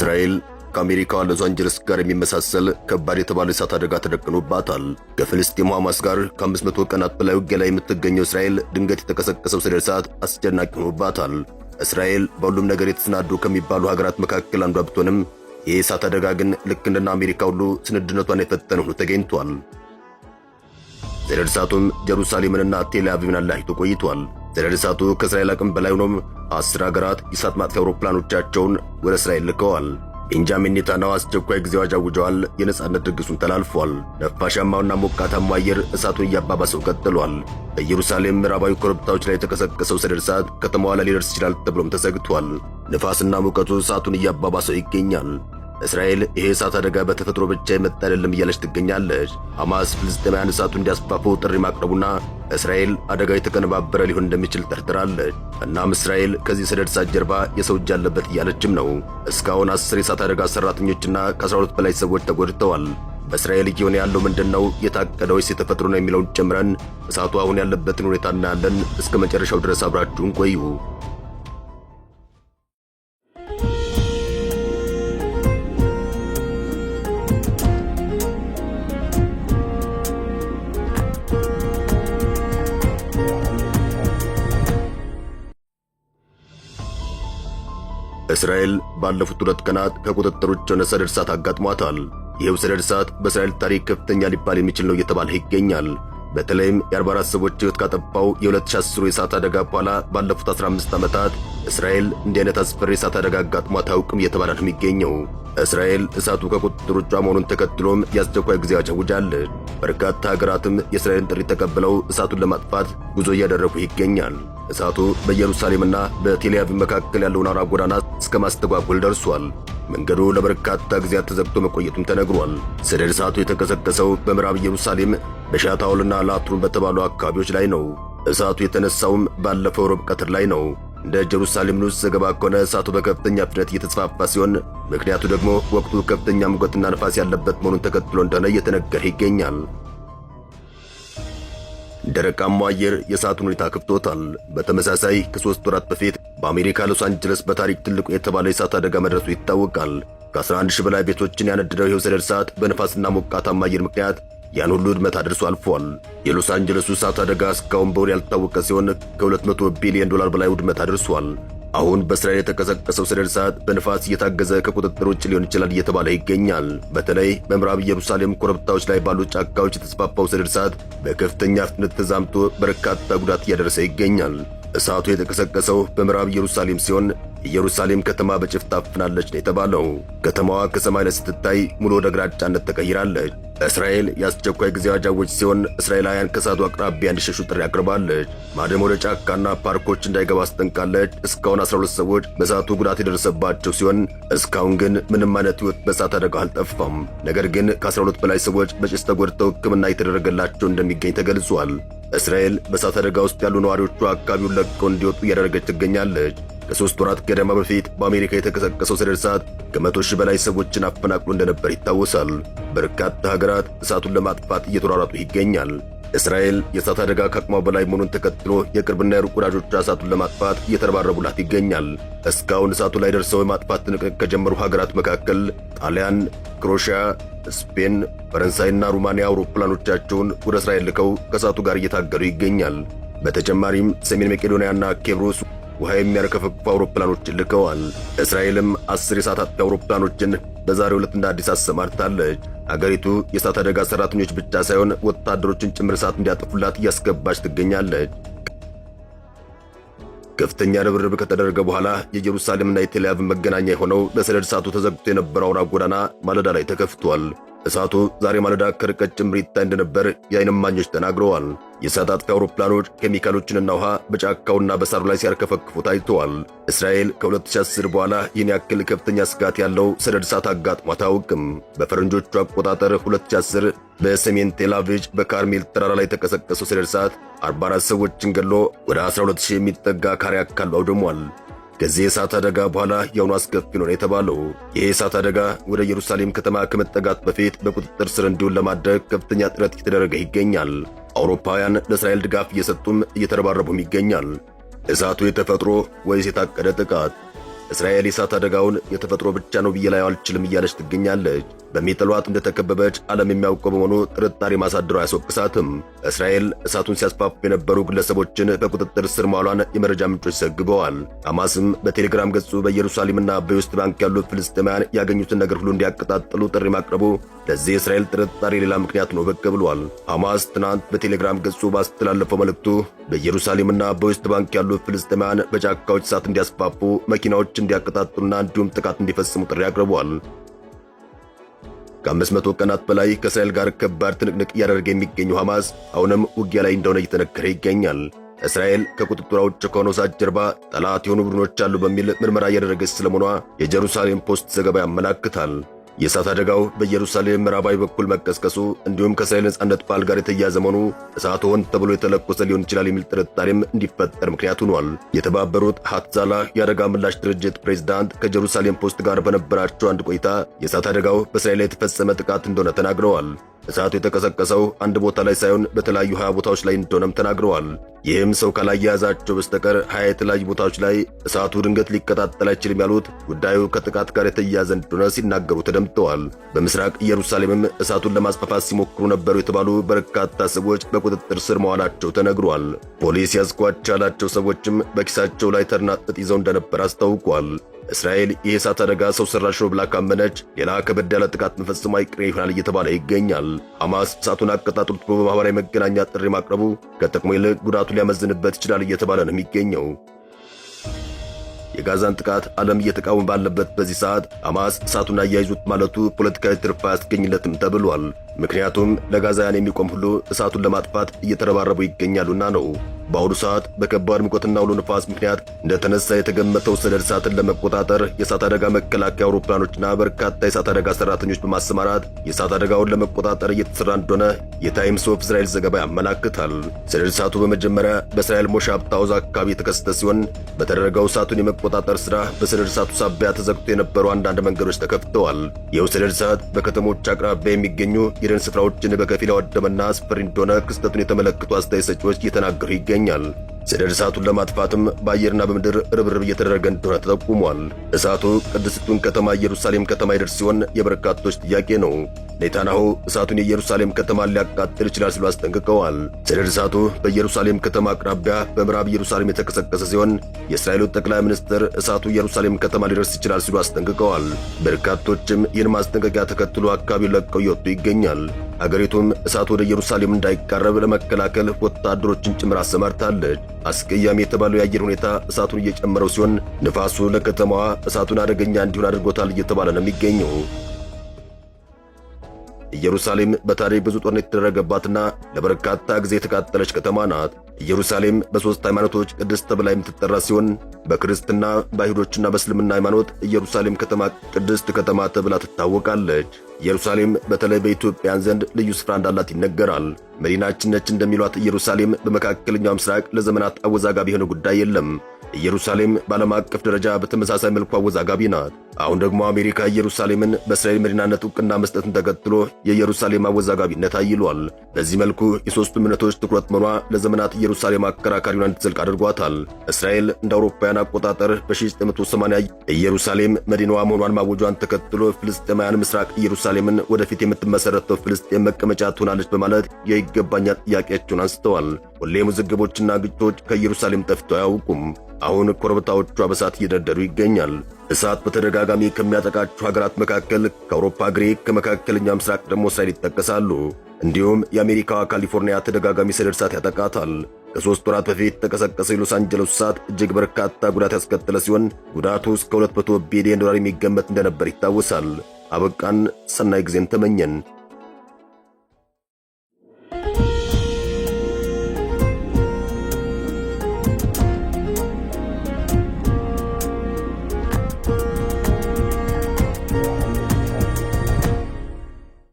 እስራኤል ከአሜሪካ ሎስ አንጀለስ ጋር የሚመሳሰል ከባድ የተባለ የእሳት አደጋ ተደቅኖባታል። ከፍልስጤም ሐማስ ጋር ከ500 ቀናት በላይ ውጊያ ላይ የምትገኘው እስራኤል ድንገት የተቀሰቀሰው ስለ እሳት አስጨናቂ ሆኖባታል። እስራኤል በሁሉም ነገር የተሰናዱ ከሚባሉ ሀገራት መካከል አንዷ ብትሆንም ይህ የእሳት አደጋ ግን ልክ እንደና አሜሪካ ሁሉ ስንድነቷን የፈጠነ ሆኖ ተገኝቷል። ስለ እሳቱም ጀሩሳሌምንና ቴል አቪቭን አላህ ቆይቷል። ሰደድ እሳቱ ከእስራኤል አቅም በላይ ሆኖም አስር አገራት የእሳት ማጥፊያ አውሮፕላኖቻቸውን ወደ እስራኤል ልከዋል። ቤንጃሚን ኔታንያሁ አስቸኳይ ጊዜ አዋጅ አውጀዋል። የነጻነት ድግሱን ተላልፏል። ነፋሻማውና ሞቃታማው አየር እሳቱን እያባባሰው ቀጥሏል። በኢየሩሳሌም ምዕራባዊ ኮረብታዎች ላይ የተቀሰቀሰው ሰደድ እሳት ከተማዋ ላይ ሊደርስ ይችላል ተብሎም ተሰግቷል። ንፋስና ሙቀቱ እሳቱን እያባባሰው ይገኛል። እስራኤል ይሄ እሳት አደጋ በተፈጥሮ ብቻ የመጣ አይደለም እያለች ትገኛለች። ሐማስ ፍልስጤማውያን እሳቱ እንዲያስፋፉ ጥሪ ማቅረቡና እስራኤል አደጋ የተቀነባበረ ሊሆን እንደሚችል ጠርጥራለች። እናም እስራኤል ከዚህ ሰደድ እሳት ጀርባ የሰው እጅ አለበት እያለችም ነው። እስካሁን አስር የእሳት አደጋ ሰራተኞችና ከ12 በላይ ሰዎች ተጎድተዋል። በእስራኤል እየሆነ ያለው ምንድን ነው? የታቀደ ወይስ የተፈጥሮ ነው የሚለውን ጨምረን እሳቱ አሁን ያለበትን ሁኔታ እናያለን። እስከ መጨረሻው ድረስ አብራችሁን ቆዩ። እስራኤል ባለፉት ሁለት ቀናት ከቁጥጥር ውጭ የሆነ ሰደድ እሳት አጋጥሟታል። ይህው ሰደድ እሳት በእስራኤል ታሪክ ከፍተኛ ሊባል የሚችል ነው እየተባለ ይገኛል። በተለይም የ44 ሰዎች ሕይወት ካጠፋው የ2010 የእሳት አደጋ በኋላ ባለፉት 15 ዓመታት እስራኤል እንዲህ አይነት አስፈሪ የእሳት አደጋ አጋጥሟት አያውቅም እየተባለ ነው የሚገኘው። እስራኤል እሳቱ ከቁጥጥር ውጭ መሆኑን ተከትሎም የአስቸኳይ ጊዜ አውጃለች። በርካታ ሀገራትም የእስራኤልን ጥሪ ተቀብለው እሳቱን ለማጥፋት ጉዞ እያደረጉ ይገኛል። እሳቱ በኢየሩሳሌምና በቴልአቪቭ መካከል ያለውን አውራ ጎዳና እስከ ማስተጓጎል ደርሷል። መንገዱ ለበርካታ ጊዜያት ተዘግቶ መቆየቱም ተነግሯል። ሰደድ እሳቱ የተቀሰቀሰው በምዕራብ ኢየሩሳሌም በሻታውልና ላትሩን በተባሉ አካባቢዎች ላይ ነው። እሳቱ የተነሳውም ባለፈው ረቡዕ ቀትር ላይ ነው። እንደ ጀሩሳሌም ኒውስ ዘገባ ከሆነ እሳቱ በከፍተኛ ፍጥነት እየተስፋፋ ሲሆን ምክንያቱ ደግሞ ወቅቱ ከፍተኛ ሙቀትና ንፋስ ያለበት መሆኑን ተከትሎ እንደሆነ እየተነገረ ይገኛል። ደረቃማ አየር የእሳቱን ሁኔታ ከፍቶታል። በተመሳሳይ ከሦስት ወራት በፊት በአሜሪካ ሎስ አንጀለስ በታሪክ ትልቁ የተባለ የእሳት አደጋ መድረሱ ይታወቃል። ከ11 ሺህ በላይ ቤቶችን ያነደደው የሰደድ እሳት በንፋስና ሞቃታማ አየር ምክንያት ያን ሁሉ ውድመት አድርሶ አልፏል። የሎስ አንጀለሱ እሳት አደጋ እስካሁን በውል ያልታወቀ ሲሆን ከ200 ቢሊዮን ዶላር በላይ ውድመት አድርሷል። አሁን በእስራኤል የተቀሰቀሰው ሰደድ እሳት በንፋስ እየታገዘ ከቁጥጥር ውጭ ሊሆን ይችላል እየተባለ ይገኛል። በተለይ በምዕራብ ኢየሩሳሌም ኮረብታዎች ላይ ባሉ ጫካዎች የተስፋፋው ሰደድ እሳት በከፍተኛ ፍጥነት ተዛምቶ በርካታ ጉዳት እያደረሰ ይገኛል። እሳቱ የተቀሰቀሰው በምዕራብ ኢየሩሳሌም ሲሆን ኢየሩሳሌም ከተማ በጭፍታ ታፍናለች ነው የተባለው። ከተማዋ ከሰማይ ላይ ስትታይ ሙሉ ወደ ግራጫነት ተቀይራለች። እስራኤል የአስቸኳይ ጊዜ አዋጅ ሲሆን እስራኤላውያን ከእሳቱ አቅራቢያ እንዲሸሹ ጥሪ አቅርባለች። ማደም ወደ ጫካና ፓርኮች እንዳይገባ አስጠንቃለች። እስካሁን 12 ሰዎች በእሳቱ ጉዳት የደረሰባቸው ሲሆን እስካሁን ግን ምንም አይነት ሕይወት በእሳት አደጋ አልጠፋም። ነገር ግን ከ12 በላይ ሰዎች በጭስ ተጎድተው ሕክምና የተደረገላቸው እንደሚገኝ ተገልጿል። እስራኤል በእሳት አደጋ ውስጥ ያሉ ነዋሪዎቹ አካባቢውን ለቀው እንዲወጡ እያደረገች ትገኛለች። ከሶስት ወራት ገደማ በፊት በአሜሪካ የተቀሰቀሰው ሰደድ እሳት ከመቶ ሺህ በላይ ሰዎችን አፈናቅሎ እንደነበር ይታወሳል። በርካታ ሀገራት እሳቱን ለማጥፋት እየተሯሯጡ ይገኛል። እስራኤል የእሳት አደጋ ከአቅሟ በላይ መሆኑን ተከትሎ የቅርብና የሩቅ ወዳጆቿ እሳቱን ለማጥፋት እየተረባረቡላት ይገኛል። እስካሁን እሳቱ ላይ ደርሰው የማጥፋት ትንቅንቅ ከጀመሩ ሀገራት መካከል ጣሊያን፣ ክሮሺያ፣ ስፔን፣ ፈረንሳይና ሩማንያ አውሮፕላኖቻቸውን ወደ እስራኤል ልከው ከእሳቱ ጋር እየታገሉ ይገኛል። በተጨማሪም ሰሜን መቄዶንያና ኬብሮስ ውሃ የሚያርከፈክፉ አውሮፕላኖችን ልከዋል። እስራኤልም አስር የእሳት አጥፊ አውሮፕላኖችን በዛሬው ዕለት እንደ አዲስ አሰማርታለች። አገሪቱ የእሳት አደጋ ሠራተኞች ብቻ ሳይሆን ወታደሮችን ጭምር እሳት እንዲያጠፉላት እያስገባች ትገኛለች። ከፍተኛ ርብርብ ከተደረገ በኋላ የኢየሩሳሌምና የቴልአቪቭ መገናኛ የሆነው ለሰደድ እሳቱ ተዘግቶ የነበረው አውራ ጎዳና ማለዳ ላይ ተከፍቷል። እሳቱ ዛሬ ማለዳ ከርቀት ጭምር ይታይ እንደነበር የዓይን እማኞች ተናግረዋል። የእሳት አጥፊ አውሮፕላኖች ኬሚካሎችንና ውሃ በጫካውና በሳሩ ላይ ሲያርከፈክፉ ታይተዋል። እስራኤል ከ2010 በኋላ ይህን ያክል ከፍተኛ ስጋት ያለው ሰደድ እሳት አጋጥሟት አያውቅም። በፈረንጆቹ አቆጣጠር 2010 በሰሜን ቴልአቪቭ በካርሜል ተራራ ላይ የተቀሰቀሰው ሰደድ እሳት 44 ሰዎችን ገሎ ወደ 12000 የሚጠጋ ካሪ አካል አውድሟል። ከዚህ የእሳት አደጋ በኋላ የአሁኑ አስከፊ ነው የተባለው ይህ የእሳት አደጋ ወደ ኢየሩሳሌም ከተማ ከመጠጋት በፊት በቁጥጥር ስር እንዲውል ለማድረግ ከፍተኛ ጥረት እየተደረገ ይገኛል። አውሮፓውያን ለእስራኤል ድጋፍ እየሰጡም እየተረባረቡም ይገኛል። እሳቱ የተፈጥሮ ወይስ የታቀደ ጥቃት? እስራኤል የእሳት አደጋውን የተፈጥሮ ብቻ ነው ብዬ ላይ አልችልም እያለች ትገኛለች። በሚጥሏት እንደተከበበች ዓለም የሚያውቀው በመሆኑ ጥርጣሬ ማሳደሩ አያስወቅሳትም። እስራኤል እሳቱን ሲያስፋፉ የነበሩ ግለሰቦችን በቁጥጥር ስር ማሏን የመረጃ ምንጮች ዘግበዋል። ሐማስም በቴሌግራም ገጹ በኢየሩሳሌምና በዌስት ባንክ ያሉት ፍልስጤማውያን ያገኙትን ነገር ሁሉ እንዲያቀጣጥሉ ጥሪ ማቅረቡ ለዚህ የእስራኤል ጥርጣሬ ሌላ ምክንያት ነው በቀ ብሏል። ሐማስ ትናንት በቴሌግራም ገጹ ባስተላለፈው መልእክቱ በኢየሩሳሌምና በዌስት ባንክ ያሉት ፍልስጤማውያን በጫካዎች እሳት እንዲያስፋፉ መኪናዎች እንዲያቀጣጥሉና እንዲሁም ጥቃት እንዲፈጽሙ ጥሪ አቅርበዋል። ከአምስት መቶ ቀናት በላይ ከእስራኤል ጋር ከባድ ትንቅንቅ እያደረገ የሚገኘው ሐማስ አሁንም ውጊያ ላይ እንደሆነ እየተነገረ ይገኛል። እስራኤል ከቁጥጥሯ ውጭ ከሆነው ሳት ጀርባ ጠላት የሆኑ ቡድኖች አሉ በሚል ምርመራ እያደረገች ስለመሆኗ የጀሩሳሌም ፖስት ዘገባ ያመላክታል። የእሳት አደጋው በኢየሩሳሌም ምዕራባዊ በኩል መቀስቀሱ እንዲሁም ከእስራኤል ነጻነት በዓል ጋር የተያያዘ መሆኑ እሳት ሆን ተብሎ የተለኮሰ ሊሆን ይችላል የሚል ጥርጣሬም እንዲፈጠር ምክንያት ሆኗል። የተባበሩት ሀትዛላ የአደጋ ምላሽ ድርጅት ፕሬዝዳንት ከጀሩሳሌም ፖስት ጋር በነበራቸው አንድ ቆይታ የእሳት አደጋው በእስራኤል ላይ የተፈጸመ ጥቃት እንደሆነ ተናግረዋል። እሳቱ የተቀሰቀሰው አንድ ቦታ ላይ ሳይሆን በተለያዩ ሀያ ቦታዎች ላይ እንደሆነም ተናግረዋል። ይህም ሰው ካላያያዛቸው በስተቀር ሀያ የተለያዩ ቦታዎች ላይ እሳቱ ድንገት ሊቀጣጠል አይችልም ያሉት ጉዳዩ ከጥቃት ጋር የተያያዘ እንደሆነ ሲናገሩ ተደምጠዋል። በምስራቅ ኢየሩሳሌምም እሳቱን ለማስፋፋት ሲሞክሩ ነበሩ የተባሉ በርካታ ሰዎች በቁጥጥር ስር መዋላቸው ተነግሯል። ፖሊስ ያዝኳቸው ያላቸው ሰዎችም በኪሳቸው ላይ ተርናጥጥ ይዘው እንደነበር አስታውቋል። እስራኤል የእሳት አደጋ ሰው ሰራሽ ነው ብላ ካመነች ሌላ ከበድ ያለ ጥቃት መፈጸም አይቀሬ ይሆናል እየተባለ ይገኛል። ሐማስ እሳቱን አቀጣጥሎት በማህበራዊ መገናኛ ጥሪ ማቅረቡ ከጥቅሙ ይልቅ ጉዳቱ ሊያመዝንበት ይችላል እየተባለ ነው የሚገኘው። የጋዛን ጥቃት ዓለም እየተቃወመ ባለበት በዚህ ሰዓት ሐማስ እሳቱን አያይዙት ማለቱ ፖለቲካዊ ትርፍ አያስገኝለትም ተብሏል። ምክንያቱም ለጋዛውያን የሚቆም ሁሉ እሳቱን ለማጥፋት እየተረባረቡ ይገኛሉና ነው። በአሁኑ ሰዓት በከባድ ሙቀትና አውሎ ንፋስ ምክንያት እንደተነሳ የተገመተው ሰደድ እሳትን ለመቆጣጠር የእሳት አደጋ መከላከያ አውሮፕላኖችና በርካታ የእሳት አደጋ ሰራተኞች በማሰማራት የእሳት አደጋውን ለመቆጣጠር እየተሰራ እንደሆነ የታይምስ ኦፍ እስራኤል ዘገባ ያመላክታል። ሰደድ እሳቱ በመጀመሪያ በእስራኤል ሞሻብ ታውዝ አካባቢ የተከሰተ ሲሆን በተደረገው እሳቱን የመቆጣጠር ስራ በሰደድ እሳቱ ሳቢያ ተዘግቶ የነበሩ አንዳንድ መንገዶች ተከፍተዋል። ይኸው ሰደድ እሳት በከተሞች አቅራቢያ የሚገኙ የደን ስፍራዎችን በከፊል ያወደመና አስፈሪ እንደሆነ ክስተቱን የተመለከቱ አስተያየት ሰጪዎች እየተናገሩ ይገኛል። ይገኛል። ሰደድ እሳቱን ለማጥፋትም በአየርና በምድር ርብርብ እየተደረገ እንደሆነ ተጠቁሟል። እሳቱ ቅድስቱን ከተማ ኢየሩሳሌም ከተማ ይደርስ ሲሆን የበርካቶች ጥያቄ ነው። ኔታንያሁ እሳቱን የኢየሩሳሌም ከተማን ሊያቃጥል ይችላል ሲሉ አስጠንቅቀዋል። ስለድ እሳቱ በኢየሩሳሌም ከተማ አቅራቢያ በምዕራብ ኢየሩሳሌም የተቀሰቀሰ ሲሆን የእስራኤሉ ጠቅላይ ሚኒስትር እሳቱ ኢየሩሳሌም ከተማ ሊደርስ ይችላል ሲሉ አስጠንቅቀዋል። በርካቶችም ይህን ማስጠንቀቂያ ተከትሎ አካባቢው ለቀው እየወጡ ይገኛል። አገሪቱም እሳቱ ወደ ኢየሩሳሌም እንዳይቃረብ ለመከላከል ወታደሮችን ጭምር አሰማርታለች። አስቀያሚ የተባለው የአየር ሁኔታ እሳቱን እየጨመረው ሲሆን፣ ንፋሱ ለከተማዋ እሳቱን አደገኛ እንዲሆን አድርጎታል እየተባለ ነው የሚገኘው። ኢየሩሳሌም በታሪክ ብዙ ጦርነት የተደረገባትና ለበርካታ ጊዜ የተቃጠለች ከተማ ናት። ኢየሩሳሌም በሦስት ሃይማኖቶች ቅድስት ተብላ የምትጠራ ሲሆን በክርስትና፣ በአይሁዶችና በእስልምና ሃይማኖት ኢየሩሳሌም ከተማ ቅድስት ከተማ ተብላ ትታወቃለች። ኢየሩሳሌም በተለይ በኢትዮጵያን ዘንድ ልዩ ስፍራ እንዳላት ይነገራል። መዲናችን ነች እንደሚሏት ኢየሩሳሌም በመካከለኛው ምስራቅ ለዘመናት አወዛጋቢ የሆነ ጉዳይ የለም። ኢየሩሳሌም በዓለም አቀፍ ደረጃ በተመሳሳይ መልኩ አወዛጋቢ ናት። አሁን ደግሞ አሜሪካ ኢየሩሳሌምን በእስራኤል መዲናነት እውቅና መስጠትን ተከትሎ የኢየሩሳሌም አወዛጋቢነት አይሏል። በዚህ መልኩ የሦስቱ እምነቶች ትኩረት መኗ ለዘመናት ኢየሩሳሌም አከራካሪውን እንድትዘልቅ አድርጓታል። እስራኤል እንደ አውሮፓውያን አቆጣጠር በ1980 ኢየሩሳሌም መዲናዋ መሆኗን ማወጇን ተከትሎ ፍልስጤማውያን ምስራቅ ኢየሩሳሌም ኢየሩሳሌምን ወደፊት የምትመሰረተው ፍልስጤም መቀመጫ ትሆናለች በማለት የይገባኛል ጥያቄያቸውን አንስተዋል። ሁሌም ውዝግቦችና ግጭቶች ከኢየሩሳሌም ጠፍቶ አያውቁም። አሁን ኮረብታዎቿ በእሳት እየደረደሩ ይገኛል። እሳት በተደጋጋሚ ከሚያጠቃቸው ሀገራት መካከል ከአውሮፓ ግሪክ፣ ከመካከለኛ ምስራቅ ደግሞ እስራኤል ይጠቀሳሉ። እንዲሁም የአሜሪካዋ ካሊፎርኒያ ተደጋጋሚ ሰደድ እሳት ያጠቃታል። ከሦስት ወራት በፊት የተቀሰቀሰው የሎስ አንጀለስ እሳት እጅግ በርካታ ጉዳት ያስከተለ ሲሆን ጉዳቱ እስከ 200 ቢሊዮን ዶላር የሚገመት እንደነበር ይታወሳል። አበቃን። ሰናይ ጊዜን ተመኘን።